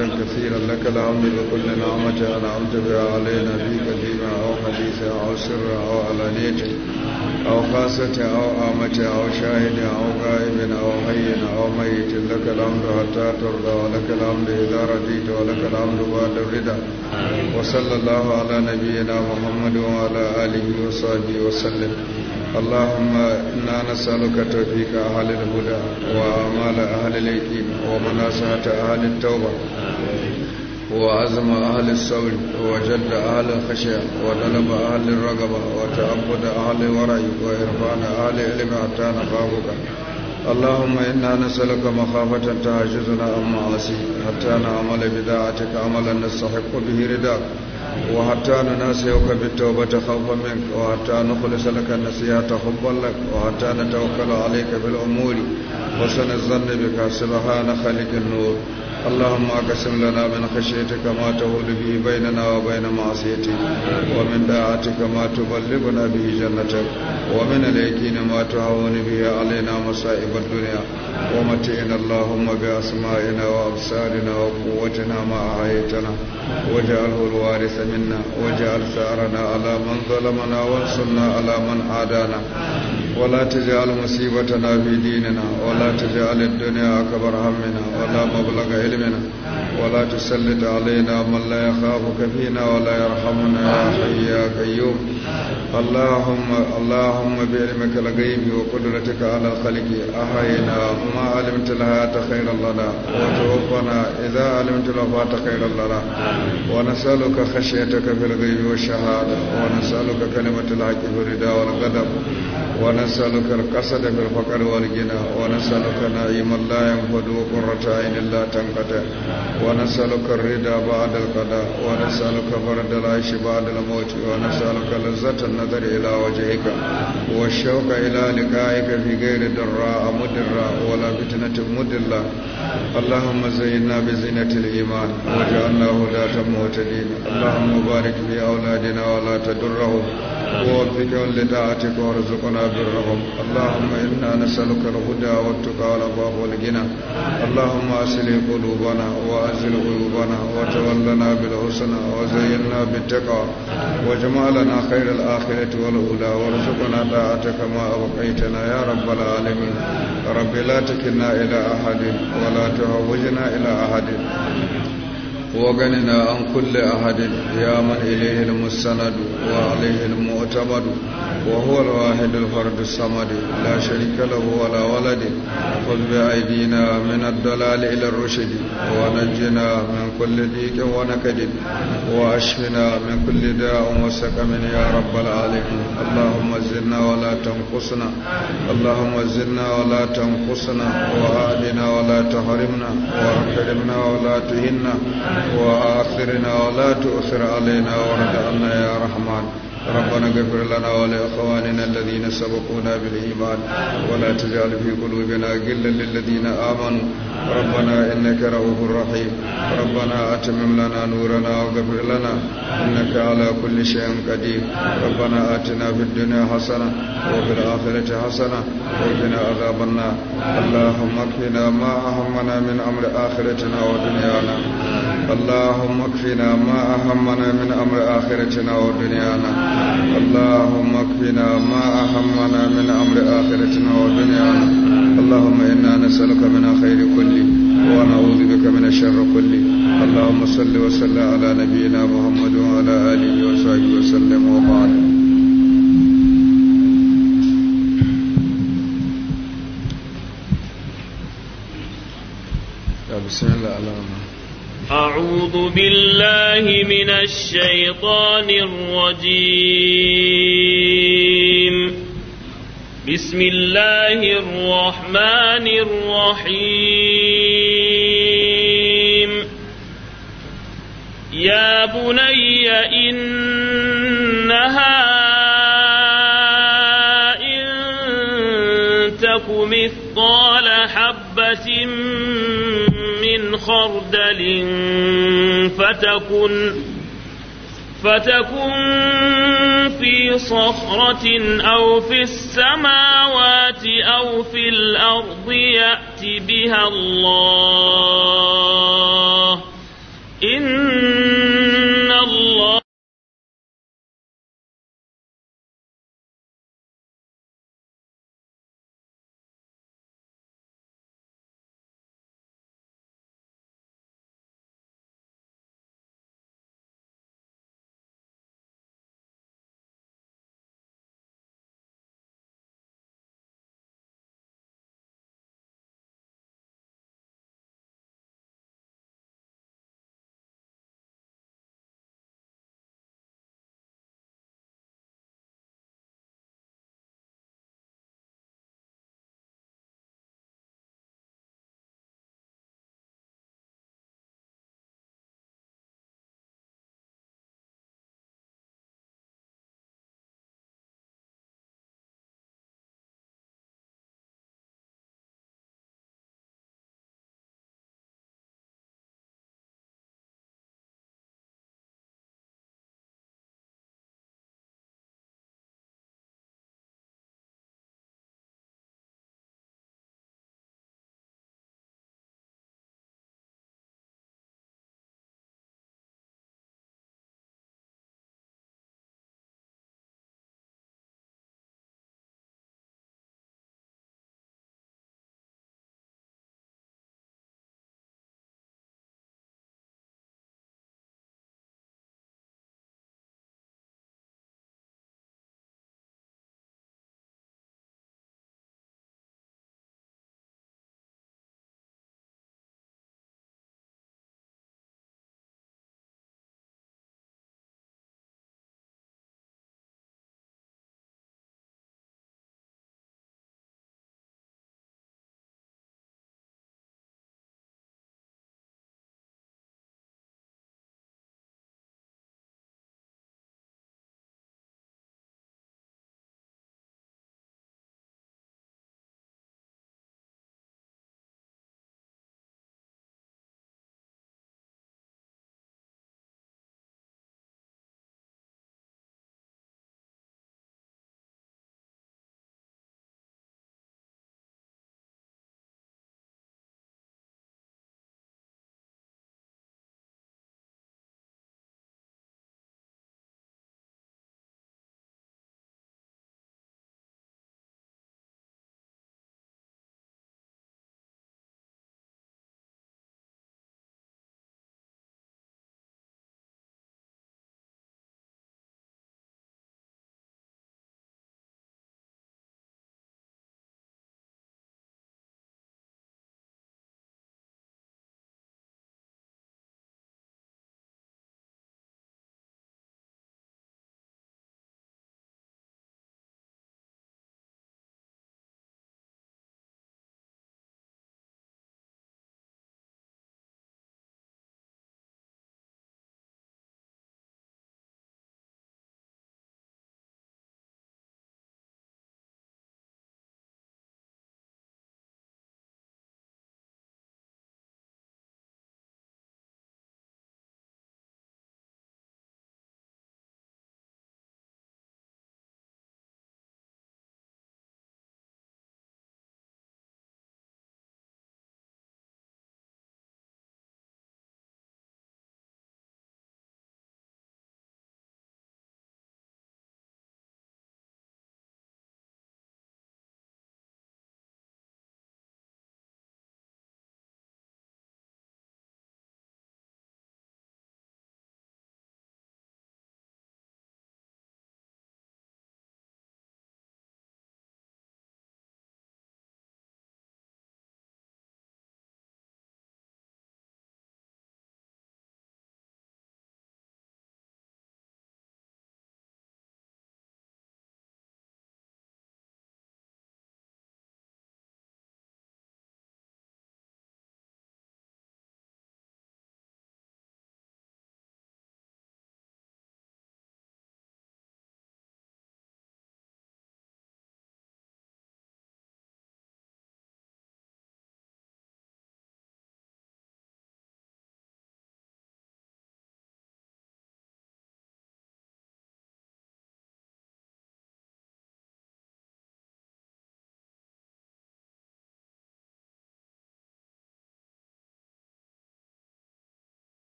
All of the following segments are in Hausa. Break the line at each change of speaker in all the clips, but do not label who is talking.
حمدا كثيرا لك الحمد بكل نعمة أنعمت بها علينا في قديمة أو حديثة أو سر أو علانية أو خاصة أو عامة أو شاهد أو غائب أو حي أو ميت لك الحمد حتى ترضى ولك الحمد إذا رضيت ولك الحمد بعد الرضا وصلى الله على نبينا محمد وعلى آله وصحبه وسلم اللهم إنا نسألك توفيق أهل الهدى وأعمال أهل اليقين ومناسعة أهل التوبة وعزم أهل الصبر وجد أهل الخشية وطلب أهل الرغبة وتعبد أهل الورع وإرفان أهل العلم حتى نخافك اللهم إنا نسألك مخافة تهجزنا أم معاصيك حتى نعمل بداعتك عملا نستحق به رضاك وحتى نناسيك بالتوبة خوفا منك وحتى نخلص لك النسيئة حبا لك وحتى نتوكل عليك بالأمور وسنظن بك سبحان خالق النور اللهم اقسم لنا من خشيتك ما تهول به بيننا وبين معصيتك ومن طاعتك ما تبلغنا به جنتك ومن اليقين ما تهون به علينا مصائب الدنيا ومتئنا اللهم بأسمائنا وأبصارنا وقوتنا ما أعيتنا واجعله الوارث منا واجعل ثارنا على من ظلمنا وانصرنا على من عادانا ولا تجعل مصيبتنا في ديننا ولا تجعل الدنيا أكبر همنا ولا مبلغ علمنا ولا تسلط علينا من لا يخافك فينا ولا يرحمنا يا حي يا قيوم اللهم اللهم بعلمك الغيب وقدرتك على خلقه أحينا ما علمت الحياة خيرا لنا وتوفنا إذا علمت الوفاة خيرا لنا ونسألك خشيتك في الغيب والشهادة ونسألك كلمة الحق في الرضا والغضب ونسألك القصد في الفقر والجنى ونسألك نعيما لا ينفد وقرة عين لا تنقطع ونسألك الرضا بعد القضاء ونسألك برد العيش بعد الموت ونسألك لذة النظر إلى وجهك والشوق إلى لقائك في غير ضراء مدراء ولا فتنة مدلة اللهم زينا بزينة الإيمان وجعلنا هداة مهتدين اللهم بارك في أولادنا ولا تدرهم ووفقهم لطاعتك وارزقنا أجرهم اللهم إنا نسألك الهدى والتقى والعفاف والغنى اللهم أصلح قلوبنا وأزل غيوبنا وتولنا بالحسنى وزينا بالتقى واجمع لنا خير الآخرة والأولى وارزقنا طاعتك ما أبقيتنا يا رب العالمين رب لا تكلنا إلى أحد ولا تهوجنا إلى أحد وغننا عن كل أحد يا من إليه المستند وعليه المعتمد وهو الواحد الفرد الصمد لا شريك له ولا ولد خذ بأيدينا من الضلال إلى الرشد ونجنا من كل ضيق ونكد وأشفنا من كل داء وسقم يا رب العالمين اللهم زدنا ولا تنقصنا اللهم زدنا ولا تنقصنا وأعدنا ولا تحرمنا وأكرمنا ولا تهنا وآثرنا ولا تؤثر علينا وارجعنا يا رحمن ربنا اغفر لنا ولإخواننا الذين سبقونا بالإيمان ولا تجعل في قلوبنا غلا للذين آمنوا ربنا إنك رؤوف رحيم ربنا أتمم لنا نورنا واغفر لنا إنك على كل شيء قدير ربنا آتنا في الدنيا حسنة وفي الآخرة حسنة وقنا عذاب النار اللهم اكفنا ما أهمنا من أمر آخرتنا ودنيانا اللهم اكفنا ما أهمنا من أمر آخرتنا ودنيانا اللهم اكفنا ما أهمنا من أمر آخرتنا ودنيانا اللهم إنا نسألك من خير كله ونعوذ بك من الشر كله اللهم صل وسلم على نبينا محمد وعلى آله وصحبه وسلم وبارك
أعوذ بالله من الشيطان الرجيم بسم الله الرحمن الرحيم يا بني إنها إن تك مثقال حبة من خردل فتكن فتكن في صخرة أو في السماوات أو في الأرض يأت بها الله إن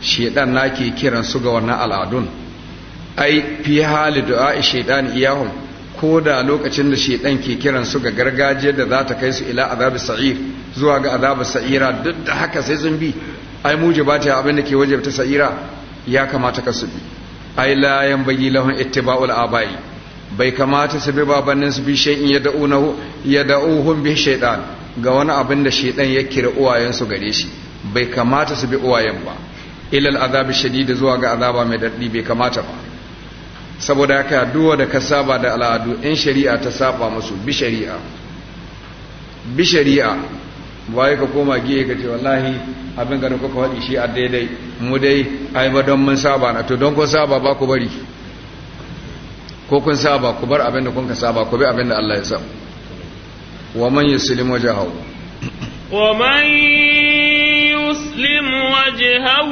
shaidan na ke kiran su ga wannan al'adun ai fi hali du'a shaidan iyahum ko da lokacin da shaidan ke kiran su ga gargajiyar da za ta kai su ila azabi sa'ir zuwa ga azabi sa'ira duk da haka sai sun bi ai mujibati abin da ke wajibta sa'ira ya kamata ka su bi ai la yanbaghi lahum ittiba'ul abai bai kamata su bi babannin su bi shay'in yad'unahu yad'uhum bi ga wani abin da ya kira uwayen su gare shi bai kamata su bi uwayen ba ilal azabi shadidi zuwa ga azaba mai daɗi bai kamata ba saboda haka duwa da ka saba da al'adu in shari'a ta saba musu bi shari'a bi shari'a ba ka koma giye ka ce wallahi abin ganin kuka faɗi shi a daidai mu dai ai ba don mun saba na to don kun saba ba ku bari ko kun saba ku bar abin da kun ka saba ku bi abin da Allah ya sa wa man yuslimu jahahu
ومن يسلم وجهه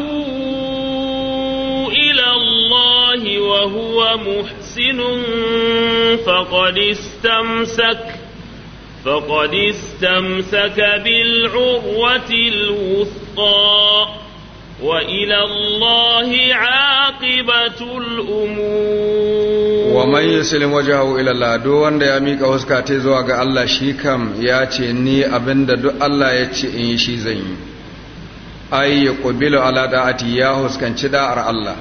إلى الله وهو محسن فقد استمسك فقد استمسك بالعروة الوثقى وإلى الله عاقبة الأمور
ومن silin waje إلى ila Lado, wanda ya mika huska ta zuwa ga Allah shi kam ya ce ni abinda duk Allah ya ce in yi shi zan yi ai ya qubilu ala da'ati ya huskanci da'ar Allah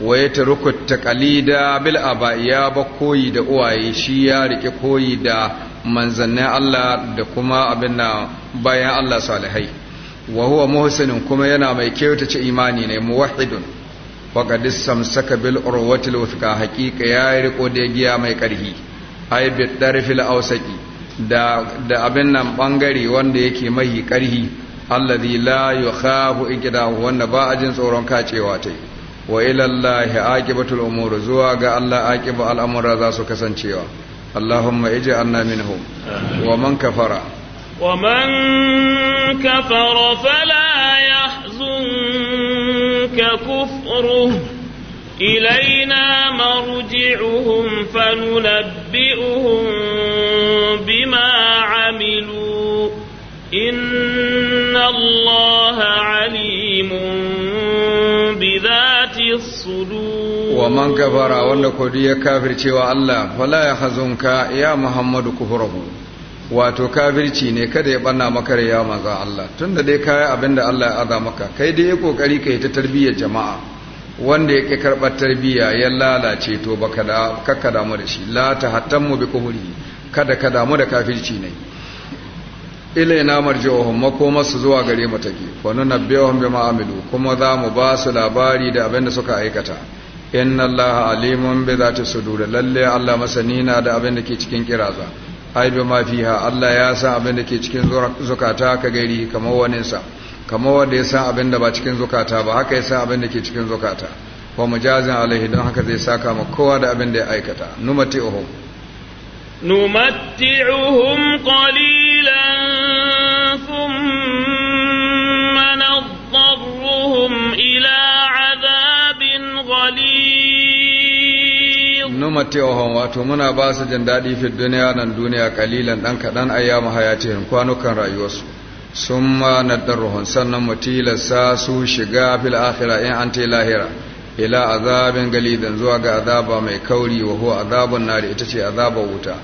wa ya taruku taqalida bil ba ya ba koyi da uwaye shi ya rike koyi da manzannin Allah da kuma abin bayan Allah salihai wa huwa muhsinin kuma yana mai kyautace imani ne muwahhidun faqad istamsaka bil urwatil wuthqa haqiqa ya riko da giya mai karhi ay bi darfil ausaki da da abin nan bangare wanda yake mai karhi alladhi la yukhafu iqdahu wanda ba a jin tsoron kacewa tai wa ila allahi aqibatul umur zuwa ga Allah aqiba al'amura za su kasancewa allahumma ij'alna minhum wa man kafara
ومن كفر فلا يحزنك كفره إلينا مرجعهم فننبئهم بما عملوا إن الله عليم بذات الصدور
ومن كفر وأنك دي كافر شوى الله فلا يحزنك يا محمد كفره wato kafirci ne kada ya banna maka riya manzon Allah tunda dai kai abin da Allah ya aza maka kai dai ya kokari kai ta tarbiyyar jama'a wanda yake karbar tarbiyya ya lalace to baka da kakka damu da shi la tahattammu bi kufri kada ka damu da kafirci ne ilaina marji'uhum makoma su zuwa gare mu take fa nunabbihum bima amilu kuma za mu ba su labari da abin da suka aikata inna allaha alimun bi zati sudur lalle Allah masani na da abin da ke cikin kiraza ai ma fi ha Allah ya san abin da ke cikin zukata ka gari kamar waninsa kamar wanda ya san abin da ba cikin zukata ba haka ya san abin da ke cikin zukata wa mujazin alaihi don haka zai sa ma kowa da abin da ya aikata numati uhum qalil numatewahum wato muna ba su jin daɗi fi duniya nan duniya kalilan ɗan kaɗan ayyamu hayatihim kwanukan rayuwarsu sun ma naddarruhun sannan mu tilasta su shiga fil akhira in an te lahira ila azabin galidan zuwa ga azaba mai kauri wa huwa azabun nari ita ce azabar wuta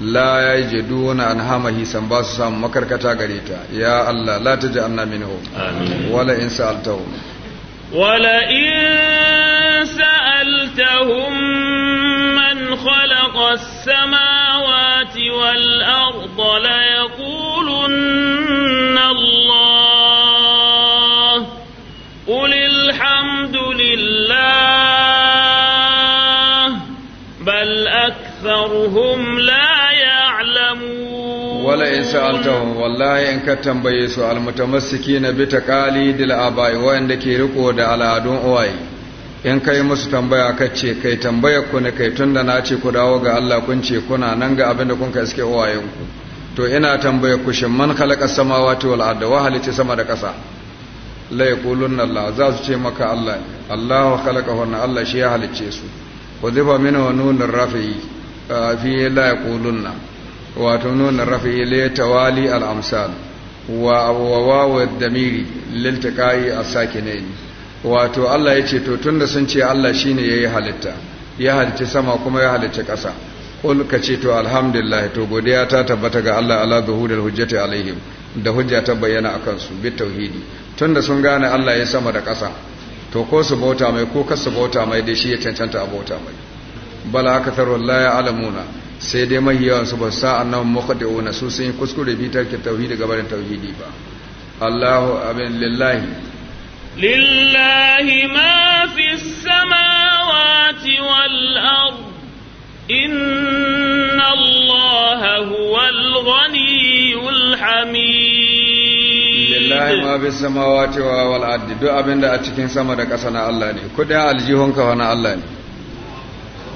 la yajiduna an hama hisan ba su samu makarkata gare ta ya Allah la ji minhum amin wala in sa'altahum
wala in sa'altahum من خلق السماوات والأرض ليقولن الله قل الحمد لله بل أكثرهم لا يعلمون ولئن سألتهم
والله إن كتم بيسو المتمسكين بتقاليد الآباء وإن دكي رقود على دون أوائي in kai musu tambaya ka ce kai tambaya ku ne kai tunda na ce ku dawo ga Allah kun ce kuna nan ga abin da kun ka iske wayen ku to ina tambaya ku shin man khalaqa samawati wal arda wa halice sama da ƙasa la yaqulunna Allah za su ce maka Allah Allahu khalaqahunna Allah shi ya halice su wa zifa wa nunur rafi fi la yaqulunna wato nunur rafi la tawali al amsal wa wa wa damiri liltiqai as-sakinaini wato Allah ya ce to tunda sun ce Allah shi ne ya yi halitta ya halitta sama kuma ya halitta ƙasa ƙul ka ce to alhamdulillah to godiya ta tabbata ga Allah ala da hujjati alaihim da hujja ta bayyana a su bi tauhidi tunda sun gane Allah ya sama da ƙasa to ko su bauta mai ko kasu bauta mai dai shi ya cancanta a bauta mai bala aka tarwar la ya alamuna sai dai yawan su ba sa annan muqaddiuna su sun kuskure bi ta tauhidi gabarin tauhidi ba Allahu amin lillahi
لله ما في السماوات والأرض إن الله هو الغني الحميد
لله ما في السماوات والأرض دو أبن دا أتكين سما دا كسنا الله ني كدا الجيهون كوانا الله ني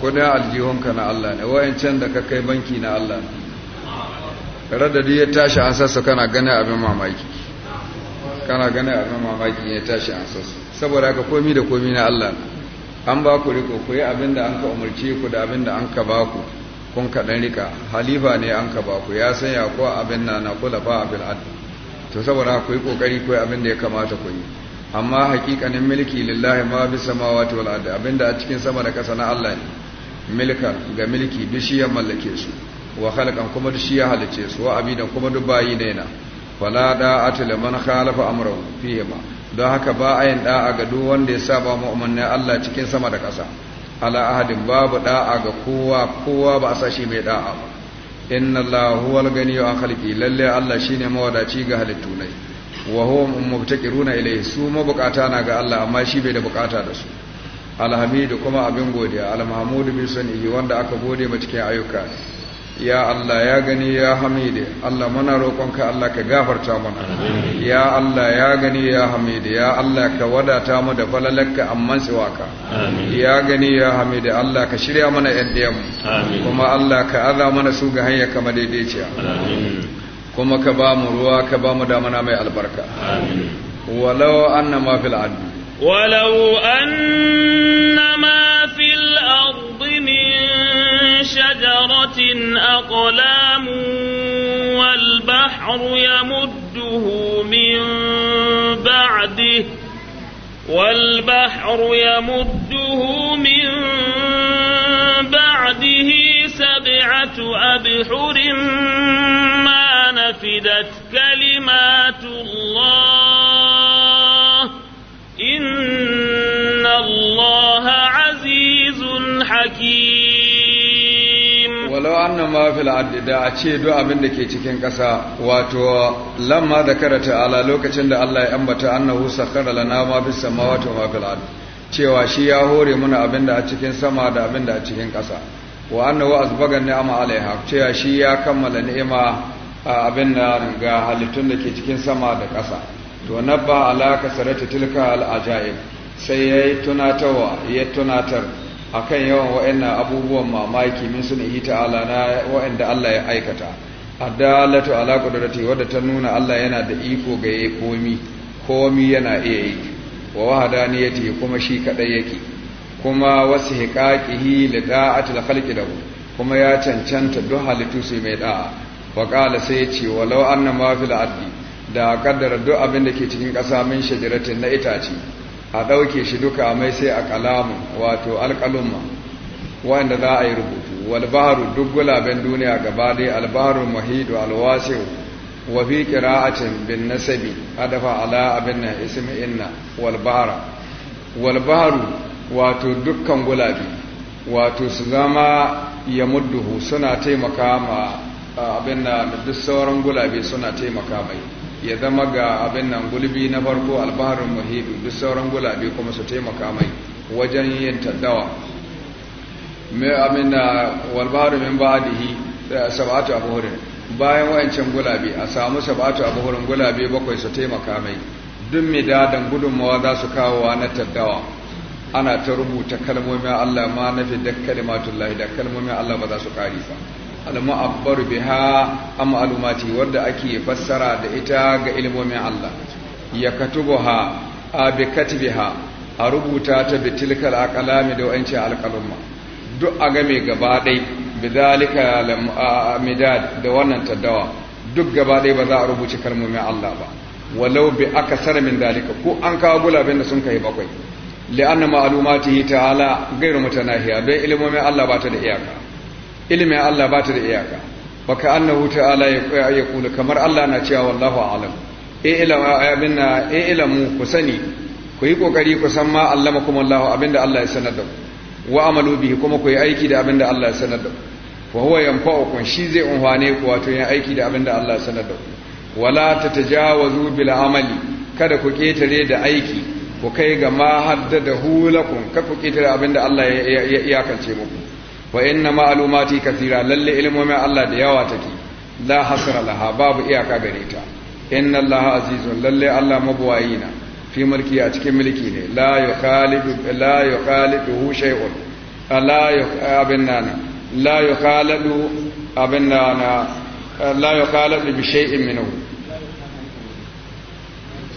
كدا الجيهون كنا الله ني وإن چند دا ككي بنكي نا الله ني radadi ya tashi an sassa kana gane abin mamaki kana ganin abin mamaki ya tashi an sassu saboda haka komi da komi na Allah an ba ku riko ku yi abin da an ka umarci ku da abin da an ka ba ku kun kaɗan rika halifa ne an ka ba ku ya sanya ko abin na na kula ba abin ad to saboda ku yi ƙoƙari ku yi abin da ya kamata ku yi amma hakikanin milki lillahi ma bi samawati wal ard abin da a cikin sama da ƙasa na Allah ne milka ga milki duk shi ya mallake su wa khalqan kuma duk shi ya halice su wa abidan kuma duk bayi ne na fala da'ata liman khalafa amrun fihi ma don haka ba a yin da'a ga duk wanda ya saba mu umarnin Allah cikin sama da ƙasa ala ahadin babu da'a ga kowa kowa ba a shi mai da'a ba inna Allah huwal ganiyyu an khalqi lalle Allah shine mawadaci ga halittu ne wa huwa mubtakiruna ilayhi su mabukata na ga Allah amma shi bai da bukata da su alhamidu kuma abin godiya almahmudu bi sunni wanda aka gode ma cikin ayyuka ya Allah ya gani ya hamide Allah muna roƙonka Allah ka gafarta mana ya Allah ya gani ya hamide ya Allah ka wadata mu da falalarka amman siwaka ya gani ya hamide Allah ka shirya mana yaddiyan kuma Allah ka aza mana su ga hanya kama daidaiciya kuma ka ba mu ruwa ka ba mu damana mai albarka walau annama fil adi.
walau annama شجرة أقلام والبحر يمده من بعده والبحر يمده من بعده سبعة أبحر ما نفدت كلمات الله إن الله عزيز حكيم
annan ma fil da a ce duk abin da ke cikin ƙasa wato lamma da karata ala lokacin da Allah ya ambata annahu sakhara lana ma bis samawati wa ma fil cewa shi ya hore muna abin da a cikin sama da abin da a cikin ƙasa wa annahu azbaga ni'ama alaiha cewa shi ya kammala ni'ima abin da ga halittun da ke cikin sama da kasa to nabba ala kasarati tilka al ajaib sai yayi tunatawa ya tunatar akan yawan wa'annan abubuwan mamaki min suna yi ta'ala na wa'anda Allah ya aikata adalatu ala qudrati wadda ta nuna Allah yana da iko ga yayi komi komi yana iya yi wa wahdaniyati kuma shi kadai yake kuma wasu hiqaqihi li da'atil khalqi lahu kuma ya cancanta duk halittu su mai da'a wa qala sai ya ce walau anna ma fil ardi da kaddara duk abin da ke cikin ƙasa min shajaratin na itace a ɗauke shi duka a mai sai a kalamu wato alƙalumma wanda za a yi rubutu walbaharu duk gulaben duniya gaba dai albaharun mahidu alwasiu wa fi qira'atin bin nasabi adafa ala abin ismi inna walbaharu wato dukkan gulabi wato su zama ya mudduhu suna taimaka ma abin da duk sauran gulabe suna taimaka mai ya zama ga abin nan gulbi na farko albaharin muhidu duk sauran gulabe kuma su taimaka mai wajen yin taddawa mai abin da walbaharin min ba'adihi eh, sabatu abuhurin bayan wayancin gulabe a samu sabatu abuhurin gulabe bakwai su taimaka mai duk mai dadan gudunmawa za su wa na taddawa ana ta rubuta kalmomin Allah ma nafi da kalmatullahi da kalmomin Allah ba za su kari ba al-mu'abbar biha a ma'alumati wadda ake fassara da ita ga ilmomin Allah ya katubuha a bi katbiha a rubuta ta bi tilkal aqlami da wancin alqalumma duk a game gaba dai bidalika midad da wannan taddawa duk gaba dai ba za a rubuci kalmomin Allah ba walau bi akasar min dalika ko an kawo gulabin da sun kai bakwai li'anna ma'alumatihi ta'ala ghayru mutanahiya don ilmomin Allah ba ta da iyaka ilimin Allah ba ta da iyaka ba ka annahu ta'ala ya kula kamar Allah na cewa wallahu a'lam e ilama e ilamu ku sani ku yi kokari ku san ma allamakum Allah abinda Allah ya sanar da ku wa amalu bihi kuma ku yi aiki da abinda Allah ya sanar da ku wa huwa yanfa'ukum shi zai unhwane ku wato yin aiki da abinda Allah ya sanar da ku wala tatajawazu bil amali kada ku ketare da aiki ku kai ga ma haddada hulakum ka ku ketare abinda Allah ya iyakance muku wa inna kasira kathira lalle ilmomin Allah da yawa take la hasra laha babu iyaka gare ta inna Allah azizun lalle Allah mabwayina fi mulki a cikin mulki ne la yukhalifu la yukhalifu shay'un la yukhabin la yukhalifu la yukhalifu bi shay'in minhu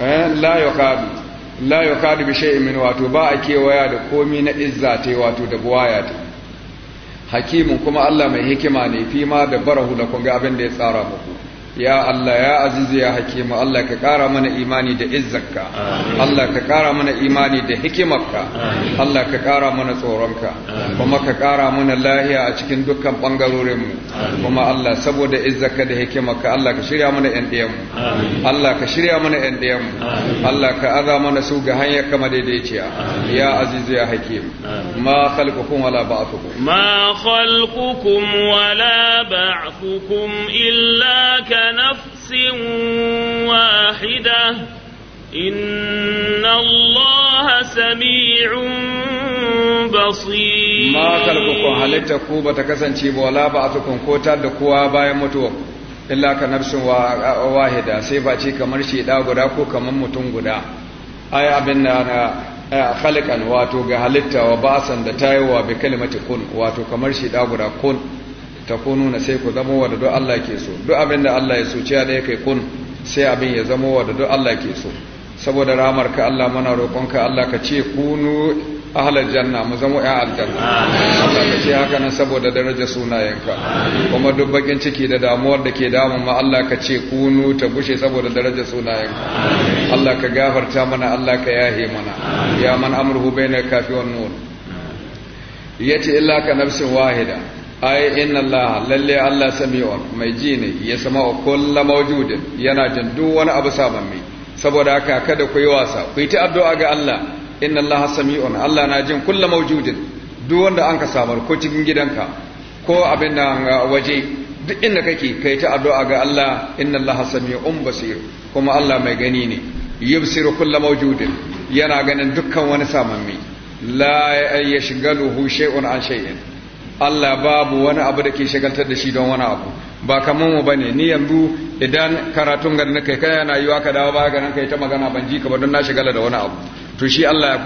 eh la yukhalifu la yukhalifu bi shay'in minhu wato ba a kewaya da komi na izza wato da buwaya ta hakimin kuma Allah mai hikima ne fi ma da barahu lakum ga abin da ya tsara muku ya Allah ya azizu ya hakima Allah ka kara mana imani da izzarka Allah ka kara mana imani da hikimarka Allah ka kara mana tsoronka kuma ka kara mana lahiya a cikin dukkan bangarorinmu kuma Allah saboda izzarka da hikimarka Allah ka shirya mana yan ɗiyanmu Allah ka shirya mana yan ɗiyanmu Allah ka aza mana su ga hanyar kama daidaiciya ya azizu ya hakim ma khalqukum wala ba'thukum ma
khalqukum wala ba'thukum illa ka نفس واحدة إن الله سميع
بصير halitta ku bata kasance ba wala ba atukun ko ta da kowa bayan mutuwa illa ka nafsin wahida sai ba ce kamar sheda guda ko kamar mutum guda ai abin na khaliqan wato ga halitta wa ba'san da tayowa bi kalimati kun wato kamar sheda guda kun ta kunu nuna sai ku zamo wa da duk Allah ke so duk abin da Allah ya so ciya da yake kai kun sai abin ya zamo wa da duk Allah ke so saboda ramar ka Allah muna roƙonka Allah ka ce kunu ahlar janna mu zamo ya aljanna Allah ka ce haka nan saboda darajar sunayenka kuma duk bakin ciki da damuwar da ke damun ma Allah ka ce kunu ta gushe saboda darajar sunayenka Allah ka gafarta mana Allah ka yahe mana ya man amruhu bainal kafi wan nur yace illa ka nafsin wahida ai inna Allah lalle Allah sami'un mai ji ne ya wa kullu mawjudin yana jin duk wani abu mai saboda haka kada ku yi wasa ku yi ta addu'a ga Allah inna Allah sami'un Allah na jin kullu mawjudin duk wanda an ka samar ko cikin gidanka ko abin da waje duk inda kake kai ta addu'a ga Allah inna Allah sami'un basir kuma Allah mai gani ne yubsiru kullu mawjudin yana ganin dukkan wani mai la yashghaluhu shay'un an shay'in Allah babu wani abu da ke shagaltar da shi don wani abu ba kamar mu bane ni yanzu idan karatun ga na kai kai yana yiwa ka dawo ba ga nan kai ta magana ban ji ka ba don na shagala da wani abu to shi Allah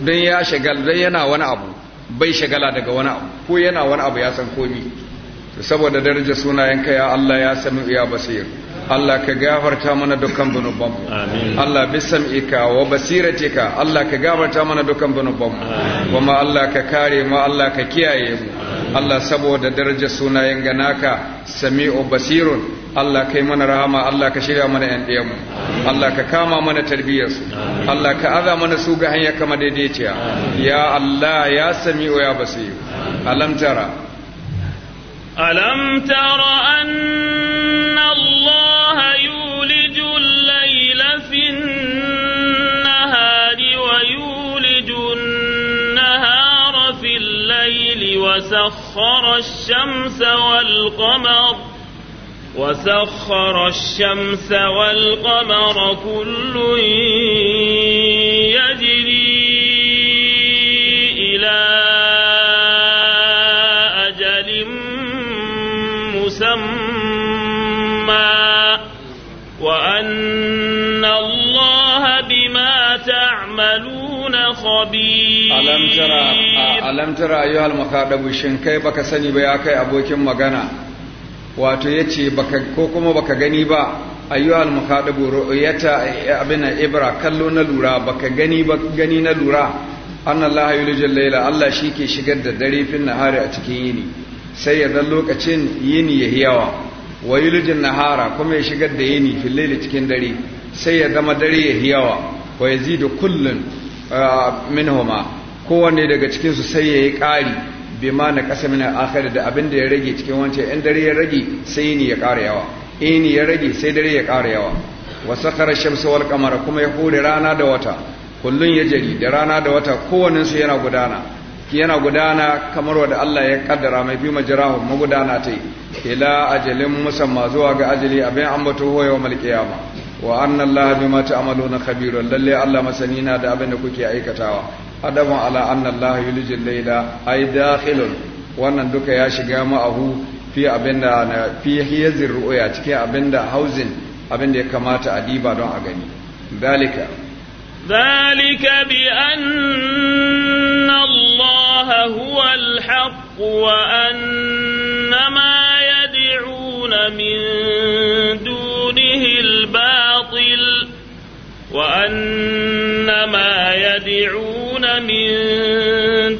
dan ya shagal don yana wani abu bai shagala daga wani abu ko yana wani abu ya san komi saboda daraja sunayen ka ya Allah ya sami ya basir Allah ka gafarta mana dukkan mu. Allah bisam'ika wa basiratika Allah ka gafarta mana dukkan mu kuma Allah ka kare mu Allah ka kiyaye mu Allah saboda darajar sunayen ga naka sami'u basirun Allah kai mana rahama Allah ka shirya mana yan ɗiyan Allah ka kama mana tarbiyyarsu Allah ka aza mana su ga hanya kama daidaiciya ya Allah ya sami'u ya basiru. alam tara
alam tara anna Allah yuliju al-layla fi nahari وسخر الشمس والقمر وسخر الشمس والقمر كل يجري خبير
ألم ترى أيها المخاطب شن بك سني بياك أبوك مغانا واتو يتي بك كوكما بك غني با أيها المخاطب رؤيتا أبنا إبرا كلو نلورا بك غني بك غني نلورا أن الله يلج الليلة الله شيكي شقد دري في النهار أتكييني سيد اللوك أتين يني يهيوا ويلج النهار كم يشقد يني في الليل تكين دري سيد ya zama dare ya yawa minhuma kowanne daga cikin su sai yayi kari bi ma na ƙasa min akhir da abin da ya rage cikin wancan in dare ya rage sai ni ya ƙara yawa in ya rage sai dare ya ƙara yawa wa sakara shamsu wal qamara kuma ya hore rana da wata kullun ya jari da rana da wata kowannen su yana gudana yana gudana kamar wanda Allah ya kaddara mai bi majrahu magudana ta yi ila ajalin musamma zuwa ga ajali abin ambato hoyo mal kiyama wa annan lahabi mata amalo na khabirun lalle Allah masani na da abin da kuke aikatawa adama ala annan lahabi lijin laila ai dakhilun wannan duka ya shiga ma'ahu fi abinda da fi hiyazin ru'uya cikin abin hauzin abinda ya kamata a diba don a gani dalika
dalika bi anna Allah huwa al-haq wa anna ma yad'una min وأن ما يدعون من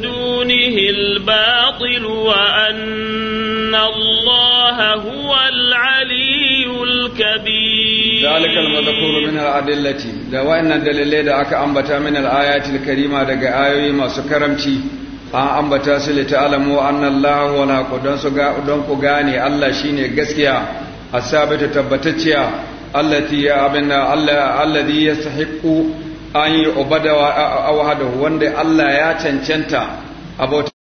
دونه الباطل وأن الله هو العلي الكبير
ذلك المذكور من الأدلة da wa'annan dalilai da aka ambata min al-ayatil karima daga ayoyi masu karamci an ambata su li ta'lamu anna Allah wala qudan don ku gane Allah shine gaskiya as-sabita tabbatacciya allati ya abinna Allah alladhi yastahiqu an yu'bada wahdahu wanda Allah ya cancanta abota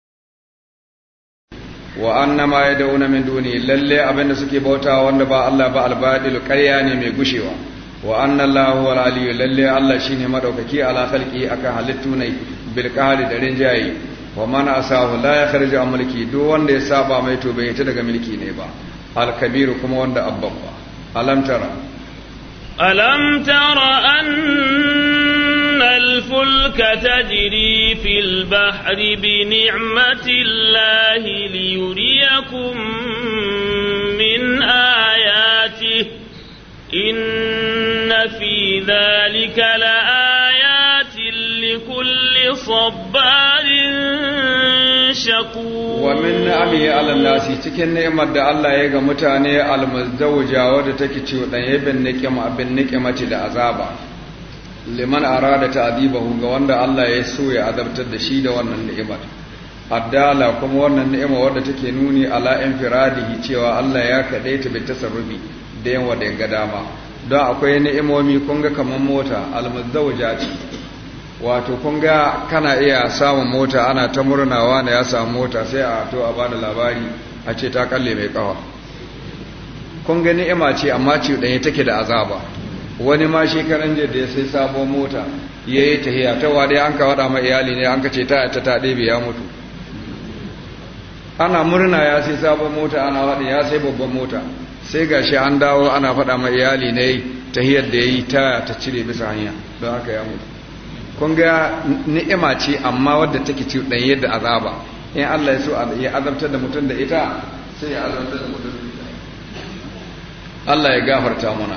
wa annama yad'una min duni lalle abinda suke bauta wanda ba Allah ba albadil qarya ne mai gushewa wa anna Allahu wal aliyyu lalle Allah shine madaukaki ala khalqi aka halittu ne bil qahri da rinjayi wa man asahu la yakhruju an mulki duk wanda ya saba mai to bai ta daga mulki ne ba al kabiru kuma wanda abban ba alam tara
ألم تر أن الفلك تجري في البحر بنعمة الله ليريكم من آياته إن في ذلك لآيات لكل صبار shakur wa min ni'ami ala
cikin ni'imar da Allah ya ga mutane almuzdawja wadda take cuɗanye bin niqima bin niqimati da azaba liman arada ta'dibahu ga wanda Allah ya so ya azabtar da shi da wannan ni'imar addala kuma wannan ni'ima wadda take nuni ala infiradihi cewa Allah ya kadaita bi tasarrufi da yawa da ga dama don akwai ni'imomi kun ga kamar mota almuzdawja ce wato kun ga kana iya samun mota ana ta murnawa na ya samu mota sai a to a bada labari a ce ta kalle mai kawa kun ga ni'ima ce amma ce danye take da azaba wani ma shekaran jiya da ya sai sabon mota ya yi hiya ta wadai an ka wada ma iyali ne an ka ce ta ta ta ɗebe ya mutu ana murna ya sai sabon mota ana wada ya sai babban mota sai ga shi an dawo ana faɗa ma iyali ne tahiyar da ya yi ta ta cire bisa hanya don haka ya mutu kun ga ni'ima ce amma wadda take ci dan yadda azaba in Allah ya so ya azabtar da mutum da ita sai ya azabtar da mutum Allah ya gafarta muna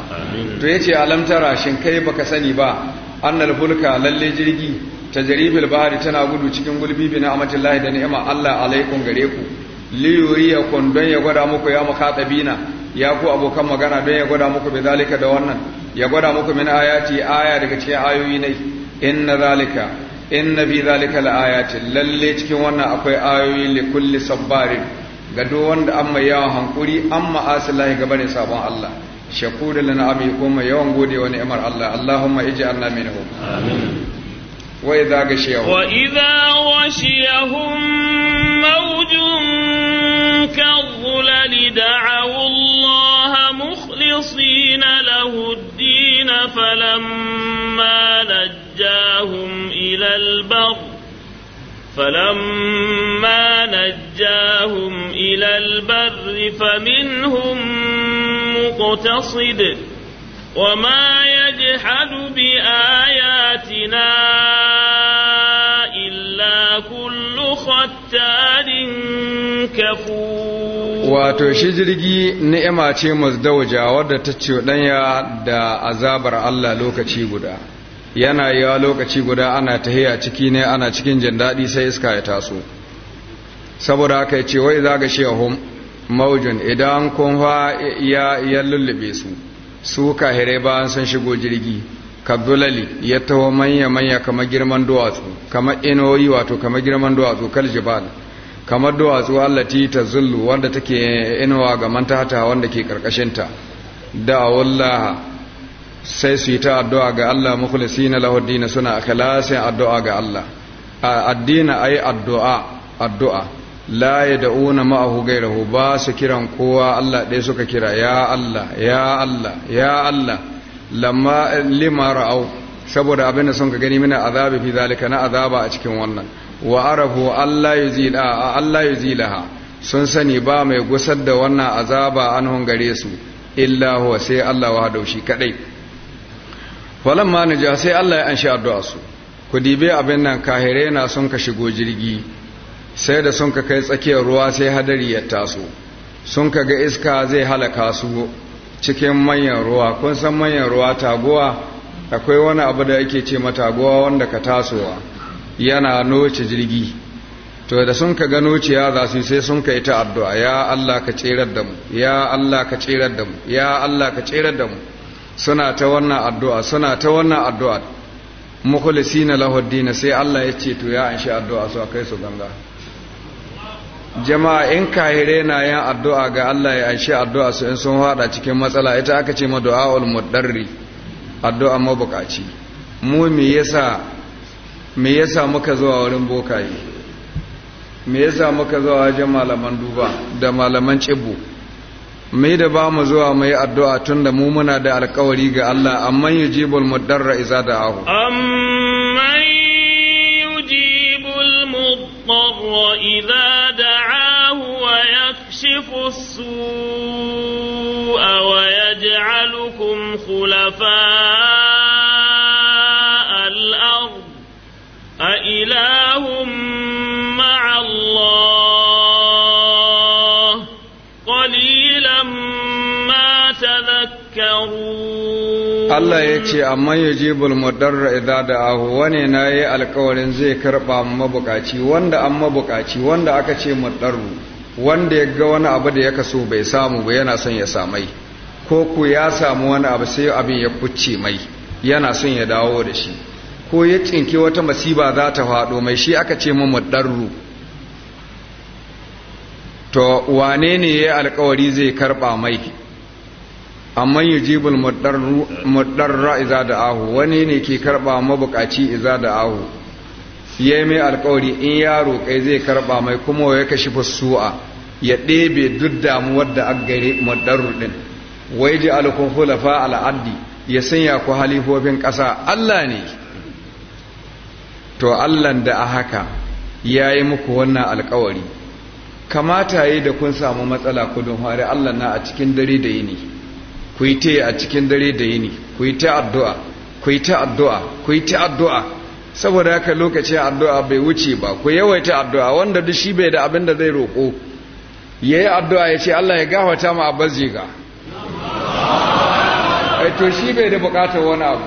to yace alam tara shin kai baka sani ba annal fulka lalle jirgi tajribil bahri tana gudu cikin gulbi bi ni'matillahi da ni'ima Allah alaikum gare ku li kun don ya gwada muku ya makatabina ya ku abokan magana don ya gwada muku bi zalika da wannan ya gwada muku min ayati aya daga cikin ayoyi ne inna zalika inna fi zalika laayatin lalle cikin wannan akwai ayoyi li kulli sabbarin ga duk wanda an mai yawan hankuri an ma'asilahi gaba ne sabon Allah shakurin lana ami ko mai yawan gode wa ni'imar Allah Allahumma ij'alna minhum amin wa idza ghashiyahum wa idza
ghashiyahum mawjun kadhulali da'u Allah mukhlisina lahu ad-din falamma نجاهم إلى البر فلما نجاهم إلى البر فمنهم مقتصد وما يجحد بآياتنا إلا كل ختار كفور
wato shi jirgi ni'ima ce musdauja wadda ta ce ɗanya da azabar Allah lokaci guda yana yawa lokaci guda ana tahiya ciki ne ana cikin jin daɗi sai iska ya taso saboda haka ya ce wai za ga shehun maujin idan kun fa ya lullube su su kahire bayan san shigo jirgi kabdulali ya taho manya-manya kamar girman duwatsu kamar inoyi wato kamar girman duwatsu kal jibal kamar duwatsu allati ta zullu wanda take inowa ga mantata wanda ke karkashinta da wallaha sai su yi ta addu'a ga Allah na lahu na suna kalasin addu'a ga Allah a addina yi addu'a addu'a da una ma'ahu gairahu ba su kiran kowa Allah ɗaya suka kira ya Allah ya Allah ya Allah lamma lima ra'au saboda abin da sun ka gani mina azabi fi zalika na azaba a cikin wannan wa arafu Allah yuzila Allah yuzilaha sun sani ba mai gusar da wannan azaba an hungare su illa huwa sai Allah wa shi kadai falamma ja sai Allah ya anshi addu'a su ku dibe abin nan kahire yana sun ka shigo jirgi sai da sun ka kai tsakiyar ruwa sai hadari ya taso sun ka ga iska zai halaka su cikin manyan ruwa kun san manyan ruwa taguwa akwai wani abu da yake ce mataguwa wanda ka tasowa yana noce jirgi to da sun ka gano ciya za su sai sun ka yi ta addu'a ya Allah ka tsirar da mu ya Allah ka tsirar da mu ya Allah ka tsirar da mu suna ta wannan addu'a suna ta wannan addu'a mukhlisina lahu dina sai Allah ya ce to ya anshi addu'a su a kai su ganga jama'a in kahire na yin addu'a ga Allah ya anshi addu'a su in sun haɗa cikin matsala ita aka ce madu’a du'aul addu'a mabukaci mu me yasa me yasa muka zuwa wurin bokaye me yasa muka zuwa wajen malaman duba da malaman cibbo mai da ba mu zuwa mai addu'a tun da mu muna da alkawari ga Allah amman yujibul mudarra iza da'ahu amman
yujibul mudarra iza da'ahu wa yakshifu as a wa yaj'alukum khulafa'a al-ard a ilahum ma'a
Allah ya ce amma ya yajibul mudarra da ahu wane na yi alkawarin zai karɓa mabukaci wanda an mabukaci wanda aka ce mudarru wanda ya ga wani abu da ya kaso bai samu ba yana son ya samai ko ku ya samu wani abu sai abin ya kucce mai yana son ya dawo da shi ko ya tsinki wata masiba za ta faɗo mai shi aka ce mu to wane ne ya alkawari zai karba mai amma yujibul mudarra iza da ahu wani ne ke karba mabukaci iza da ahu ya yi mai alkawari in ya roƙai zai karba mai kuma ya kashi fasu'a ya ɗebe duk damuwar da gari mudarru din wai ji alkun hulafa al'addi ya sanya ku halifofin ƙasa Allah ne to Allah da a haka ya yi muku wannan alkawari kamata yi da kun samu matsala kudin hari Allah na a cikin dare da yini ku yi ta a cikin dare da yini ku yi ta addu'a ku yi ta addu'a ku yi ta addu'a saboda haka lokacin addu'a bai wuce ba ku yawaita addu'a wanda duk shi bai da abin da zai roƙo ya yi addu'a ya ce Allah ya gafata mu a ziga to shi bai da bukatar wani abu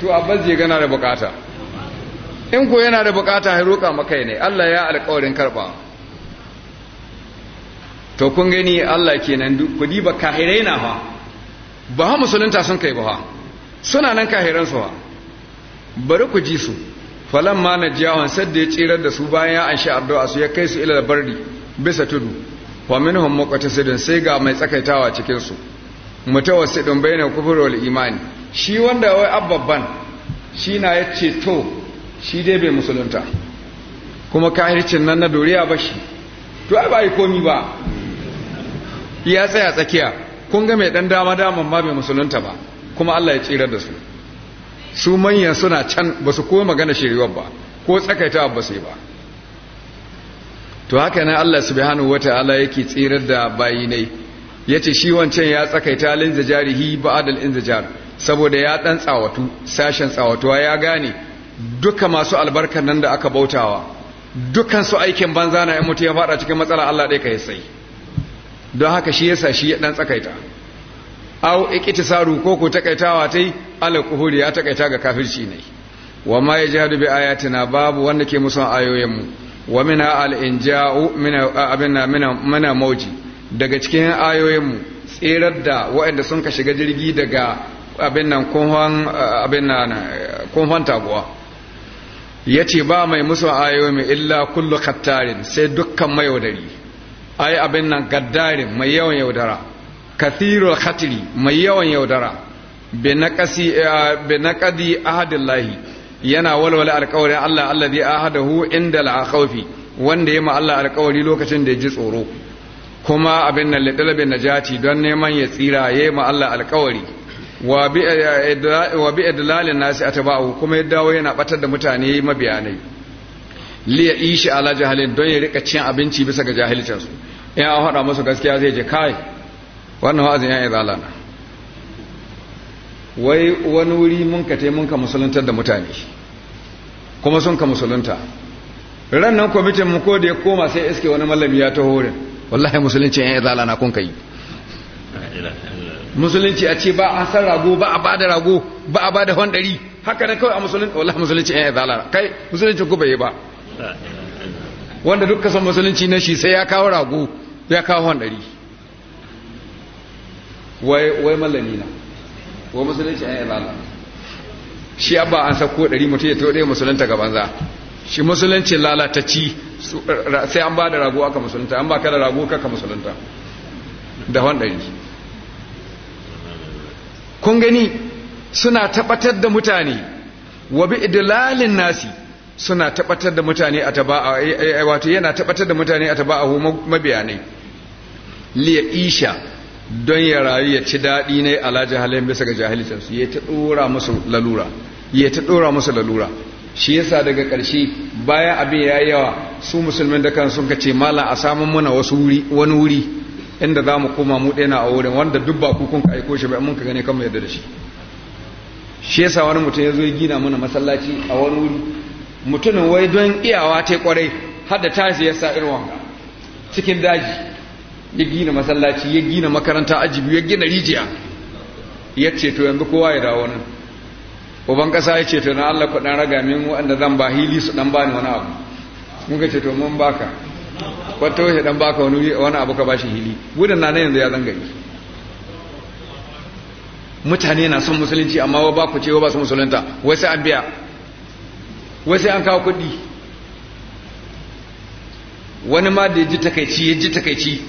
to a ziga na da bukata in ko yana da bukata ya roƙa makai ne Allah ya alƙawarin karɓa to kun gani Allah kenan kudi ba ka na ba. ba ha musulunta sun kai ba suna nan kahiransu ha bari ku ji su falan ma na jiyawan sadda ya tsirar da su bayan ya anshi addu'a su ya kai su ila labarri bisa tudu wa minhum muqtasidun sai ga mai tsakaitawa cikin su mutawassidun baina kufri wal imani shi wanda wai ababban shi na yace to shi dai bai musulunta kuma kahircin nan na doriya ba shi to ai ba yi komi ba ya tsaya tsakiya kun ga mai dan dama daman ma bai musulunta ba kuma Allah ya tsirar da su su manyan suna can ba su koma magana shiriyar ba ko tsakaita ba yi ba to haka na Allah subhanahu wata'ala yake tsirar da bayinai yace shi wancan ya tsakaita lin zajarihi in inzijar saboda ya dan tsawatu sashen tsawatuwa ya gane duka masu albarkar nan da aka bautawa dukansu aikin banza na in mutu ya fada cikin matsala Allah ɗaya ka yi sai don haka shi yasa shi ya dan tsakaita aw ikitisaru ko ko takaitawa tai ala kuhuri ya takaita ga kafirci ne wa ma yajhadu bi ayatina babu wanda ke musan ayoyin mu wa mina al inja'u mina abinna mina mana mauji daga cikin ayoyin mu tsirar da waɗanda sun ka shiga jirgi daga abin nan kunhon abin nan kunhon taguwa yace ba mai musu ayoyin illa kullu khattarin sai dukkan mayaudari ai abin nan gaddare mai yawan yaudara kathirul khatiri mai yawan yaudara eh, bi naqadi ahadillahi yana walwala alqawli Allah alladhi ahadahu inda al-khawfi wanda yema Allah alƙawari lokacin da ya ji tsoro kuma abin nan lidalabin najati don neman ya tsira yema Allah alƙawari wa bi eh, idlalin nasi atba'u kuma ya dawo yana batar da mutane mabiyanai liya ishi ala jahalin don ya rika cin abinci bisa ga jahilcinsu ya in an haɗa gaskiya zai je kai wannan wa'azin ya izala na wai wani wuri mun ka te mun ka musuluntar da mutane kuma sun ka musulunta ran nan kwamitin mu ko da ya koma sai iske wani malami ya ta horin wallahi musulunci ya izala na kun ka yi. musulunci a ce ba a san rago ba a bada rago ba a bada hondari haka na kawai a musulunci wallahi musulunci ya izala kai musulunci ku bai ba wanda duk kasan musulunci na shi sai ya kawo rago ya kawo handari wai mallami na wa musulunci ya yi zala shi abba an sako dari mutum ya to ɗaya musulunta ga banza shi musulunci lalatacci sai an ba da rago aka musulunta an ba ka da rago kaka musulunta da handari kun gani suna tabbatar da mutane wa bi idlalin nasi suna tabbatar da mutane a taba'a wato yana tabbatar da mutane a taba'ahu mabiyanai liya isha don ya rayu ya ci daɗi ne ala halayen bisa ga jahilcinsu ya ta ɗora musu lalura ya ta ɗora musu lalura shi yasa daga ƙarshe bayan abin ya yawa su musulmin da kan sun ce mala a samun muna wasu wuri wani wuri inda za mu koma mu ɗaya a wurin wanda duk ba kun ka aiko shi ba mun ka gane kan mu yadda da shi shi yasa wani mutum ya zo ya gina mana masallaci a wani wuri mutumin wai don iyawa ta kwarai har da tashi ya sa irin wanga cikin daji ya gina masallaci ya gina makaranta ajibi ya gina rijiya ya ceto yanzu kowa ya dawo nan uban kasa ya ceto na Allah kudin raga min waɗanda zan ba hili su ɗan bani wani abu muka ceto mun baka wata ya ɗan baka wani abu ka bashi hili gudun na yanzu ya zangari mutane na son musulunci amma wa ba ku ce wa ba su musulunta wai sai an biya wasu an kawo kudi wani ma da ya ji takaici ya ji takaici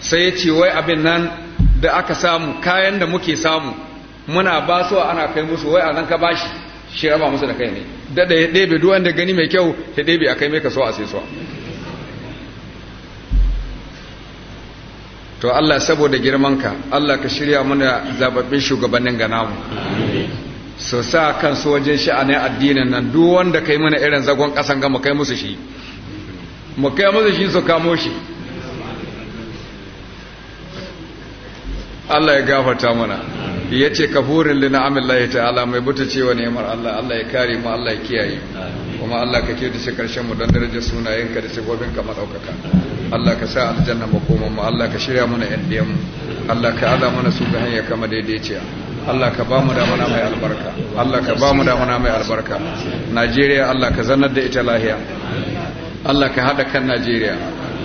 sai ya ce wai abin nan da aka samu kayan da muke samu muna ba su ana kai musu wai a nan ka bashi shi raba musu da kai ne dada ya ɗebe duwan da gani mai kyau ya ɗebe a kai mai kaso a sai suwa to Allah saboda girmanka Allah ka shirya mana zababbin shugabannin ga namu su sa kansu wajen sha'anin addinin nan duk wanda kai mana irin zagon kasan ga mu kai musu shi mu kai musu shi su kamo shi Allah ya gafarta mana yace kafurin lina amillahi ta'ala mai buta cewa mar Allah Allah ya kare mu Allah ya kiyaye kuma Allah ka kiyaye shi karshen mu don darajar sunayenka da sigobin ka madaukaka Allah ka sa aljanna makoman mu Allah ka shirya mana yan mu Allah ka ala mana su ga hanya kama daidaiciya Allah ka ba mu damuna mai albarka Allah ka ba mu damuna mai albarka Najeriya Allah ka zannar da ita lahiya Allah ka haɗa kan Najeriya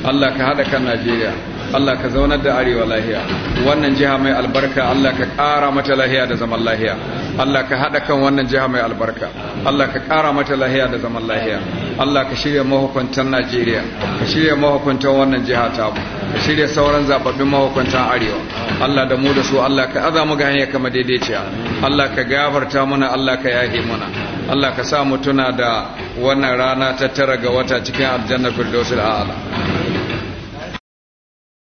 Allah ka haɗa kan Najeriya Allah ka zaunar da arewa lahiya wannan jiha mai albarka Allah ka ƙara mata lahiya da zaman lahiya Allah ka haɗa kan wannan jiha mai albarka Allah ka ƙara mata lahiya da zaman lahiya Allah ka shirya mahukuntan Najeriya ka shirya mahukuntan wannan jiha ta mu ka shirya sauran zababbin mahukuntan arewa Allah da mu da su Allah ka aza mu ga hanya kama daidaiciya Allah ka gafarta mana Allah ka yahe mana Allah ka sa mu tuna da wannan rana ta tara ga wata cikin aljanna firdausul a'la